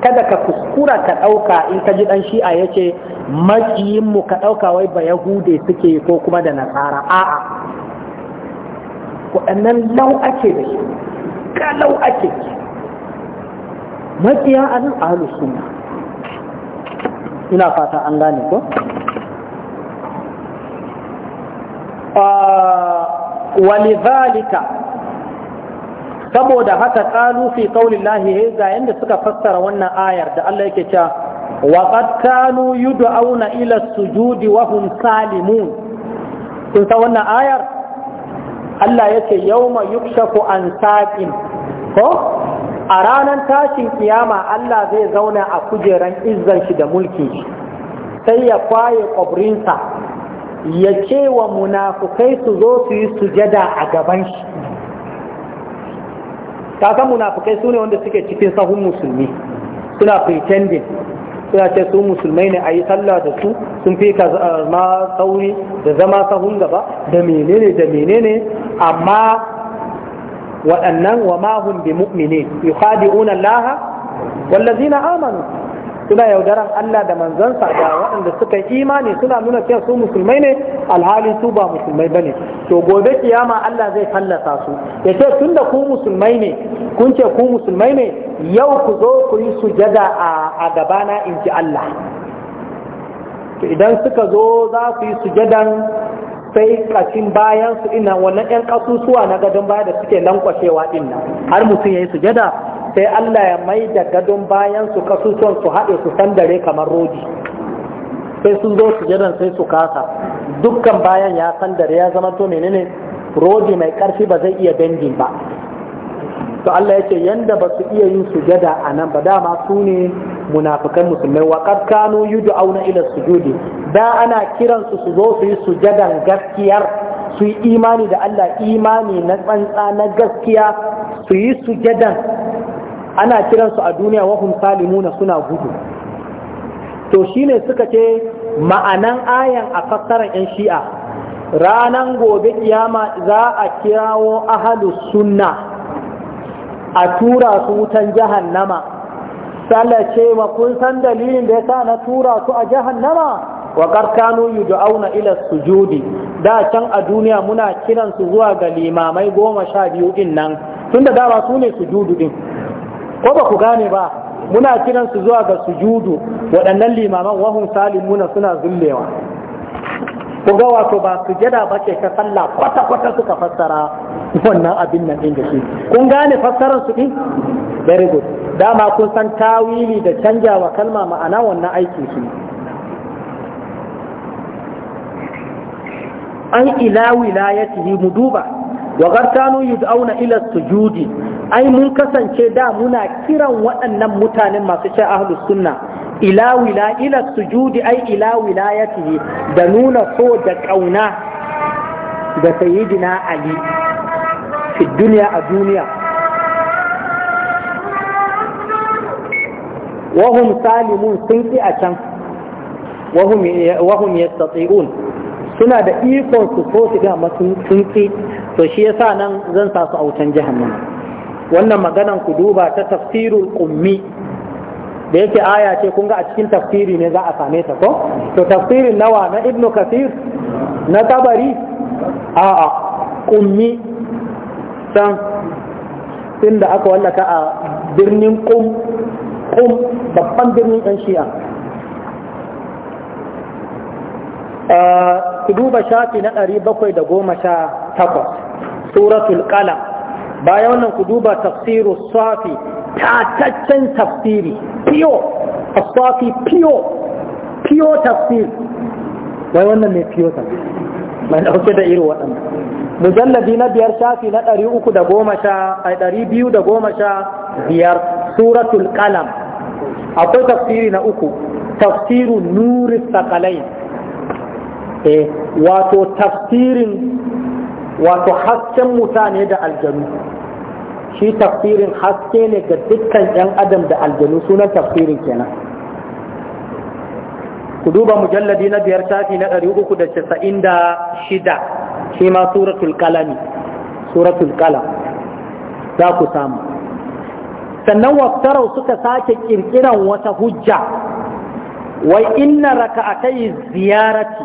kada ka kuskura ka ɗauka in ka ji ɗan shi'a ya ce mu ka ɗauka wai ba yahude suke ko kuma da nasara a'a waɗannan lau ake da shi ka lau ake maƙiya a nan ahalus suna. ina fata an gane ko ah, walidhalika saboda haka qalu fi qaulillahi ga yanda suka fassara wannan ayar da Allah yake cewa wa qad kanu yud'auna ila sujudi wa hum salimun kun san wannan ayar Allah yake yawma yukshafu an saqin ko a ranar tashin kiyama Allah zai zauna a kujeran izzan shi da mulki sai ya kwaye kwabrinsa ya ce wa munafukai su zo su yi sujada a gaban shi kakan munafikai sune wanda suke cikin sahun musulmi suna pretending suna ce su musulmai ne a yi sallah da su sun fi ka eh, ma sauri da zama sahun gaba da menene da menene amma waɗannan wa mahun bi mu'mini yukhadi'una Allah wallazina amanu suna yaudaran Allah da manzansa da waɗanda suka yi imani suna nuna cewa su musulmai ne alhali su ba musulmai bane to gobe kiyama Allah zai fallasa su ya ce da ku musulmai ne kun ce ku musulmai ne yau ku zo ku yi sujada a gabana in ji Allah to idan suka zo za su yi sujadan sai kashin bayan su ina wannan yan kasusuwa na gadon baya da suke lankwashewa din har mutum yayi sujada sai Allah ya mai da gadon bayan su son su haɗe su sandare kamar rodi sai sun zo su jiran sai su kasa dukkan bayan ya sandare ya zama to menene rodi mai ƙarfi ba zai iya dangin ba to Allah ya ce yanda ba su iya yin sujada a nan ba dama su ne munafikan musulmai wa qad da auna ila sujudi da ana kiran su su zo su yi sujadan gaskiyar su yi imani da Allah imani na tsantsa na gaskiya su yi sujadan ana kiransu a duniya wahum salimuna suna gudu to shine suka ce ma'anan ayan a fassarar 'yan shi'a ranan gobe kiyama za a kirawo ahalu sunna a tura su wutan jahannama sallah ce wa kun san dalilin da yasa na tura su a jahannama wa karkanu yud'auna ila sujudi da can a duniya muna kiran su zuwa ga limamai goma sha biyu din nan tunda da ba su ne sujudu din ko ba ku gane ba muna kiran su zuwa ga sujudu waɗannan limaman wahun salimuna suna zullewa ku ga wato ba su jada ba ke ka sallah kwata kwata suka fassara wannan abin nan din shi kun gane fassarar su din very good dama kun san tawili da canja wa kalma ma'ana wannan aiki su an ila wilayatihi mu duba wa gartanu yud'auna ila sujudi ai mun kasance da muna kiran waɗannan mutanen masu sha ahlus sunna ila wila ila sujudi ai ila wilayati da nuna so da kauna da sayyidina ali fi duniya a duniya wahum salimun sun ki a can wahum yastati'un suna da ikon su so su ga masu sun ki to shi yasa nan zan sa su autan jahannama wannan maganan ku duba ta tafsirul ummi da yake aya ce kun ga a cikin tafsiri ne za a same ta ko to tafsirin nawa na ibnu kasir na tabari a a ummi san inda aka wallaka a birnin kum kum babban birnin yan shi'a ku duba shafi na 718 suratul qalam bayan wannan ku duba tafsiru safi tataccen tafsiri fiyo safi piyo. Piyo tafsir wai wannan mai piyo tafsir mai dauke da iri waɗannan mujalladi na biyar shafi na ɗari uku da goma sha ai ɗari biyu da goma sha biyar suratul kalam. akwai tafsiri na uku tafsiru nuri sakalai eh wato tafsirin wato hasken mutane da aljanu shi tafsirin haske ne ga dukkan 'yan adam da aljanu sunan tafsirin kenan ku duba mujalladi na biyar shafi na ɗari uku da casa'in da shida shi ma suratul kalami suratul kalam za ku samu sannan waftarau suka sake kirkiran wata hujja wai inna raka'atai ziyarati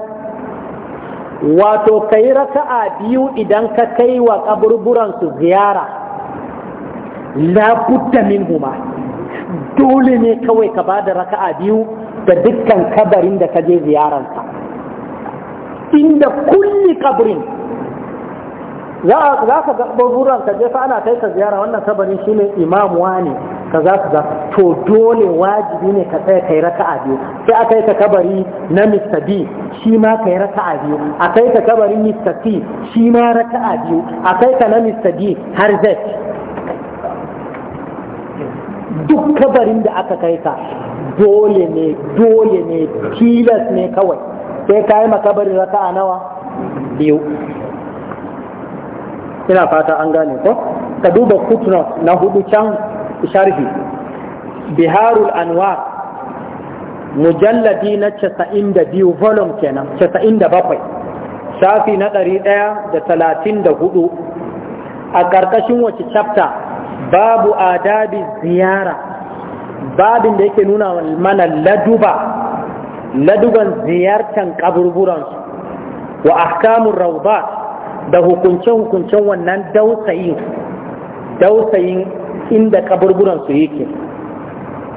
wato ka yi raka'a biyu idan ka kai wa kaburburansu ziyara labudda min huma dole ne kawai ka ba da raka'a biyu da dukkan kabarin da ka je ziyararsa inda kulli kabrin za ka ga kaburburanka je fa ana kai ka ziyara wannan kabarin shine imamuwa ne kaza kaza to dole wajibi ne ka tsaya kai raka'a biyu sai a kai ka kabari na Mr. B shi ma kai raka'a biyu a kai ka kabari Mr. C shi ma raka'a biyu a kai ka na Mr. D har Z duk kabarin da aka kai ka dole ne dole ne tilas ne kawai sai ka yi makabarin raka'a nawa biyu ina fata an gane ko ka duba footnote na hudu can sharhi biharul anwar mujalladi na 92 volume kenan 97 shafi na 134 a ƙarƙashin wace chapter babu adabi ziyara babin da yake nuna mana laduba laduban ziyartan kaburburansu wa ahkamun raubat da hukunce-hukuncen wannan dausayin dausayin inda kaburburansu su yake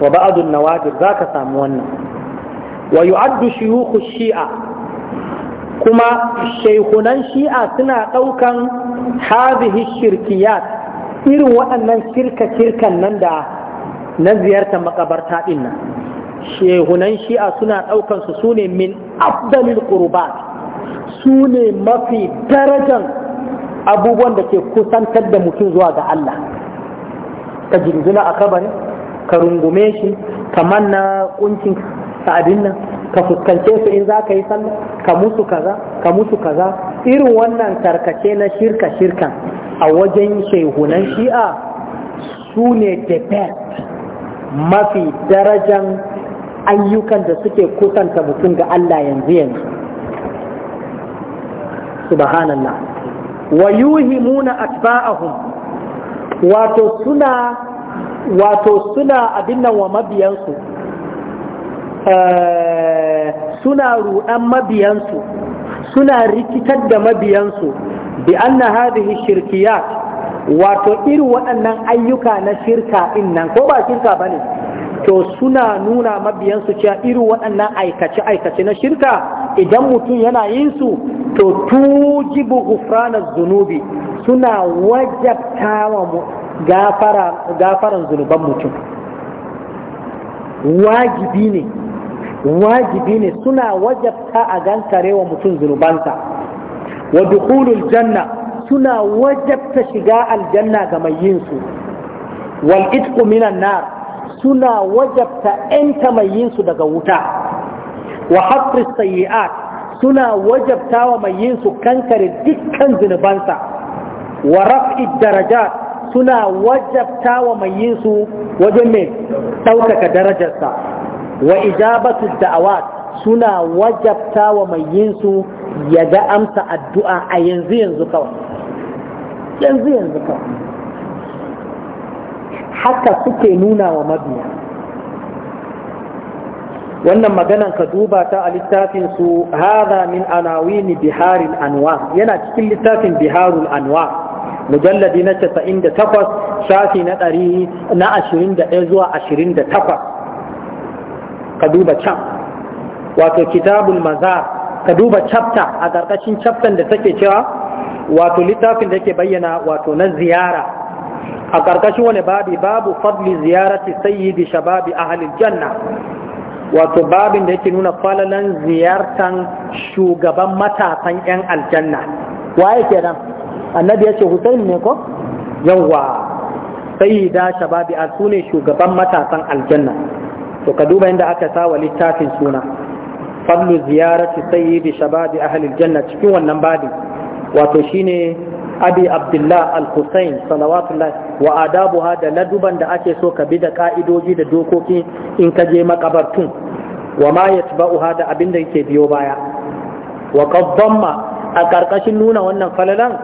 wa ba'adun nawadir za ka samu wannan wa yu'addu shuyukhu shi'a kuma Shehunan shi'a suna daukan hadhihi shirkiyat irin waɗannan shirka shirkan nan da na ziyartar makabarta din nan shehunan shi'a suna ɗaukansu su ne min abdalil qurbat su ne mafi darajan abubuwan da ke kusantar da mutum zuwa ga Allah ka jirgina a kabari ka rungume shi ka manna kuncin sa'adin nan ka fuskance su in za ka yi sallah ka musu kaza ka musu kaza irin wannan tarkace na shirka shirkan a wajen shehunan shi'a su ne best mafi darajan ayyukan da suke kusanta mutum ga Allah yanzu yanzu subhanallah wa yuhimuna atba'ahum wato suna wato suna abin nan wa mabiyansu eh, suna ruɗan mabiyansu suna rikitar da mabiyansu bi anna hadhihi shirkiyat wato irin waɗannan ayyuka na shirka din nan ko ba shirka bane to suna nuna mabiyansu cewa irin waɗannan aikace aikace na shirka idan mutum yana yin su to tujibu gufrana zunubi suna wajabta wa gafaran zunuban mutum wajibi ne wajibi ne suna wajabta a gankare wa mutum zunubansa wa dukulul janna suna wajabta shiga aljanna ga mai yin su wal minan nar suna wajabta 'yanta mai yin su daga wuta wa hafri sayyi'at suna wajabtawa mai yin su kankare dukkan zunubansa wa raf'i darajat suna wa mai yin su wajen mai ɗaukaka darajarsa wa ijabatu da'awa suna wa mai yin su ya ga amsa addu'a a yanzu yanzu kawai yanzu yanzu kawai haka suke nuna wa mabiya wannan maganan ka duba ta a littafin su hada min anawini biharil Anwar, yana cikin littafin biharul Anwar, mujalladi na 98 shafi na 100 na 21 zuwa 28 ka duba can wato kitabul mazar ka duba chapter a karkashin chapter da take cewa wato littafin da yake bayyana wato na ziyara a karkashin wani babi babu fadli ziyarati sayyidi shababi ahlil janna wato babin da yake nuna falalan ziyartan shugaban matasan 'yan aljanna waye nan? annabi ya ce husain ne ko yawwa sai da shababi a sune shugaban matasan aljanna to ka duba inda aka sawa littafin suna fadlu ziyarati sayyidi shababi ahli aljanna cikin wannan babin wato shine abi abdullah al-husayn salawatullah wa adabuha da laduban da ake so ka bi da ka'idoji da dokoki in ka je makabartun wa ma yatba'uha da abin da yake biyo baya wa qaddamma a karkashin nuna wannan falalan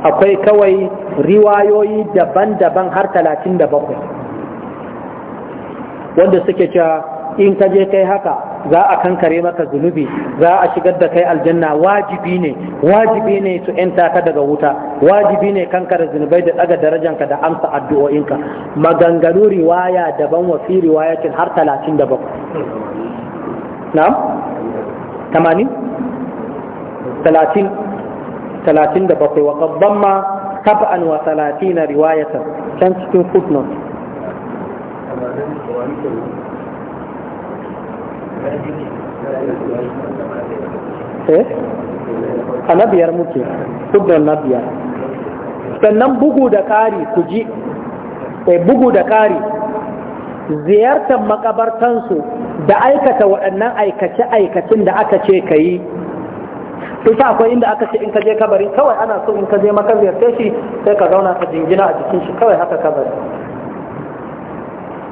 akwai kawai riwayoyi daban-daban har 37 wanda suke cewa in ka je kai haka za a kankare maka zunubi za a shigar da kai aljanna wajibi ne wajibi ne su enta ka daga wuta wajibi ne kankara zunubai da daga darajanka da amsa addu'o'inka maganganu riwaya daban wa fi riwayatin har 37 na'am 80 30 37 wa qad damma sab'an wa 30 riwayatan can cikin footnote eh ana biyar muke da na biyar sannan bugu da ƙari ku ji eh bugu da kari ziyartar makabartansu da aikata waɗannan aikace-aikacin da aka ce ka yi ita akwai inda aka ce in ka je kabari kawai ana so in ka je maka ziyarce shi sai ka zauna ka jingina a jikin shi kawai haka kabari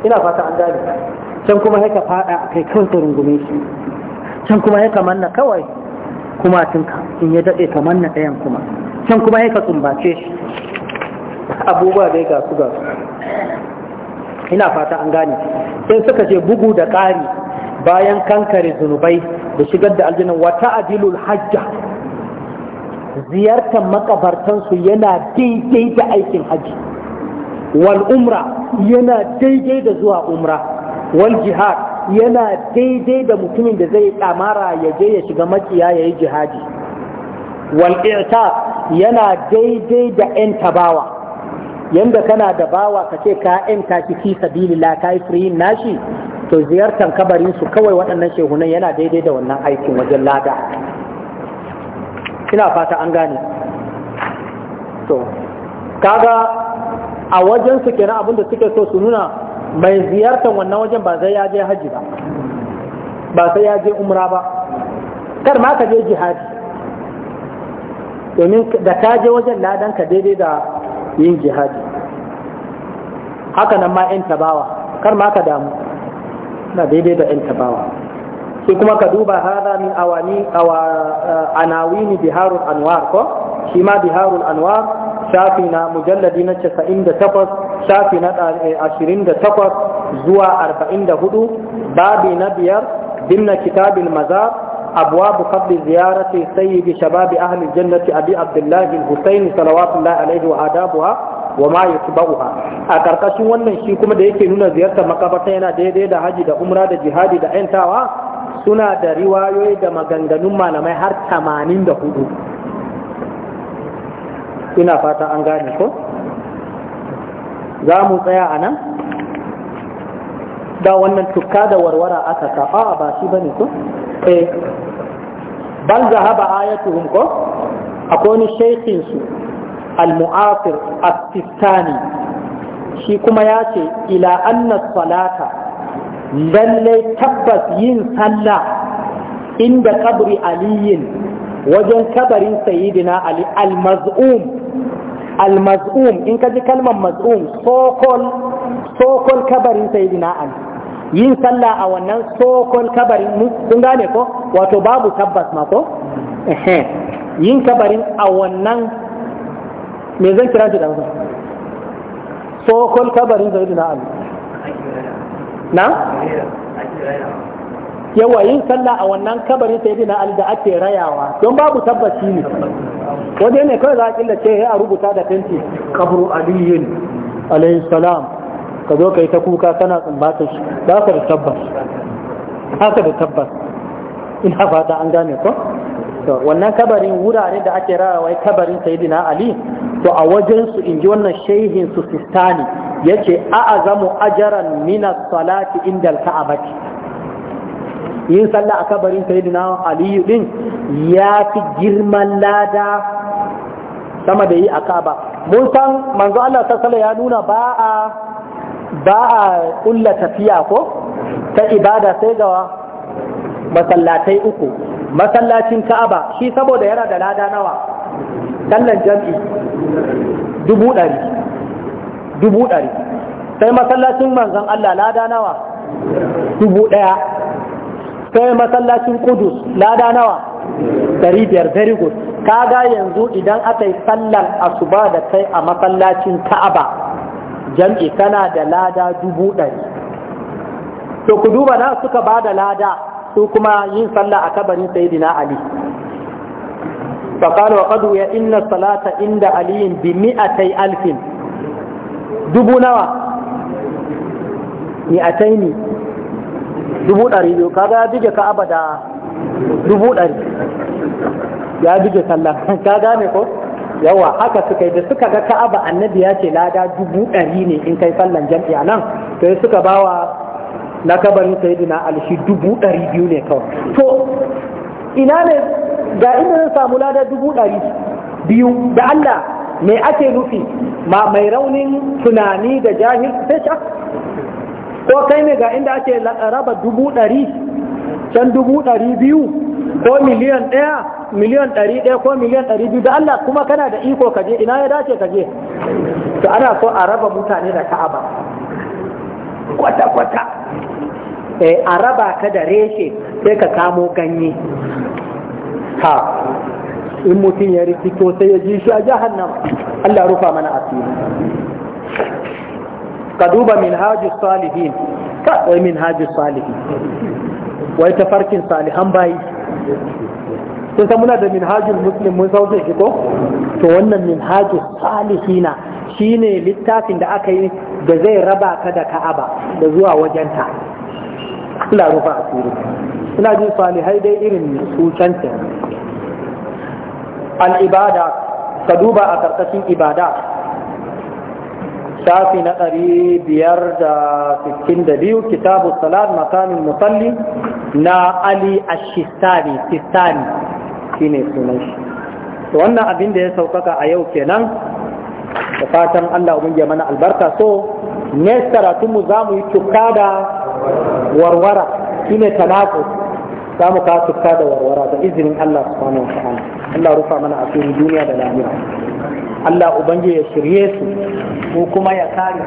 ina fata an gane can kuma ya ka fada a kai kawai ka rungume shi can kuma ya ka manna kawai kuma tunka in ya daɗe ka manna ɗayan kuma can kuma ya ka tsumbace shi abubuwa dai ga su ga su ina fata an gane sai suka ce bugu da ƙari bayan kankare zunubai da shigar da aljinin wata adilul hajja ziyartar makabartansu yana daidai da aikin hajji wal umra yana daidai da zuwa umra wal jihad yana daidai da mutumin da zai ɗamara ya je ya shiga makiya ya yi jihadi wal yana daidai da 'yan tabawa yanda kana da bawa ka ce ka 'yan tashi fi sabilillah kai yi nashi to ziyartar kabarin su kawai waɗannan shehunan yana daidai da wannan aikin wajen lada Kina fata an gane to kaga a wajen su kenan abinda suke so su nuna mai ziyartar wannan wajen ba zai yaje hajji haji ba ba sai yaje umra ba kar ma ka je jihadi domin da ka je wajen ladan ka daidai da yin jihadi haka nan ma yan tabawa kar ma ka damu na daidai da yan tabawa sai kuma ka duba hada min awani awa eh, anawini biharul anwar ko shi ma biharul anwar shafi na mujalladi na 98 shafi na 28 eh, zuwa 44 babi na biyar dimna kitabin mazar أبواب فضل زيارة سيد شباب أهل الجنة Abdullahi عبد الله الحسين wa الله عليه وآدابها وما A ƙarƙashin wannan shi kuma da yake nuna ziyartar makabarta yana daidai da haji da umra da jihadi da ƴantawa suna da riwayoyi da maganganun malamai har 84 ina fata an gane ko za mu tsaya a nan da wannan tukka da warwara aka ka a ba shi ne ko eh bal zahaba ayatuhum ko akwai wani shaykhin su al-mu'afir as-sistani shi kuma ya ce ila anna salata lallai tabbas yin sallah inda kabri aliyin wajen kabarin sayidina ali al-maz'um al in ka ji kalmar maz'um sokol sokol kabarin sayyidina ali yin sallah a wannan sokol kabarin kun gane ko wato babu tabbas ma ko yin kabarin a wannan me zan kira shi da wasu? sokol kabarin sayyidina ali na yawa yin sallah a wannan kabarin sayyidina ali da ake rayawa don babu tabbas ne waje ne kawai za a ce ya rubuta da fenti kabru aliyin alayhi salam ka zo ka yi ta kuka kana tsumbata shi za ka da tabbas haka da tabbas ina fata an gane ko wannan kabarin wurare da ake rarawai kabarin sayidina ali to a wajen su inji wannan shehin su sistani yace a'azamu ajaran min as-salati inda al-ka'abati yin sallah a kabarin sayyidina ali din ya fi girman lada sama da yi a kaba mun san manzo Allah ta ya nuna ba a ba a kulla tafiya ko ta ibada sai ga masallatai uku masallacin ka'aba shi saboda yana da lada nawa sallan jam'i dubu ɗari dubu ɗari sai masallacin manzon Allah lada nawa dubu ɗaya sai masallacin kudus lada nawa dari biyar very good kaga yanzu idan aka yi sallar asuba da kai a masallacin ka'aba jam'i kana da lada dubu ɗari to ku duba na suka ba da lada su kuma yin sallah a kabarin sayidina ali فقال وقد يا إن الصلاة عند علي بمئتي ألف دبو نوا مئتين دبو أريد كذا ka abada. dubu ɗari ya buge sallah ka gane ko yawa haka suka yi da suka ga ka'aba annabi ya ce lada dubu ɗari ne in kai sallan jam'i a nan sai suka bawa na kabarin sayidina alshi dubu ɗari biyu ne kawai to ina ne ga inda zan samu lada dubu ɗari biyu da Allah mai ake nufi ma mai raunin tunani da jahil sai ah, ko kai ne ga inda ake raba dubu ɗari can dubu ɗari biyu ko miliyan ɗaya miliyan ɗari ɗaya ko miliyan ɗari biyu da Allah kuma kana da iko ka je ina ya dace ka je to ana so a raba mutane da ka'aba kwata-kwata eh, a raba ka da reshe sai ka kamo ganye ha in mutum ya rikito sai ya ji shi a jahannam Allah rufa mana asiri ka duba min hajji salihin ka min hajji salihin wai tafarkin salihan bayi sun san muna da minhajul muslim mun sauke shi ko to wannan minhajul salihina shine littafin da aka yi da zai raba ka da ka'aba da zuwa wajenta Allah rufa asiri ina jin salihai dai irin su canta al ibada ka duba a karkashin ibada Safi na ɗari biyar da bikin da biyu kitabu salat makamin musalli na ali ashistani sistani shine sunan shi wannan abin da ya saukaka a yau kenan da fatan Allah ya mana albarka so ne karatunmu za mu yi cuka da warwara shine talaku. za mu kawo da warwara da izinin Allah subhanahu wa ta'ala Allah rufa mana asiri duniya da lahira Allah ubangiji ya shirye su ko kuma ya kare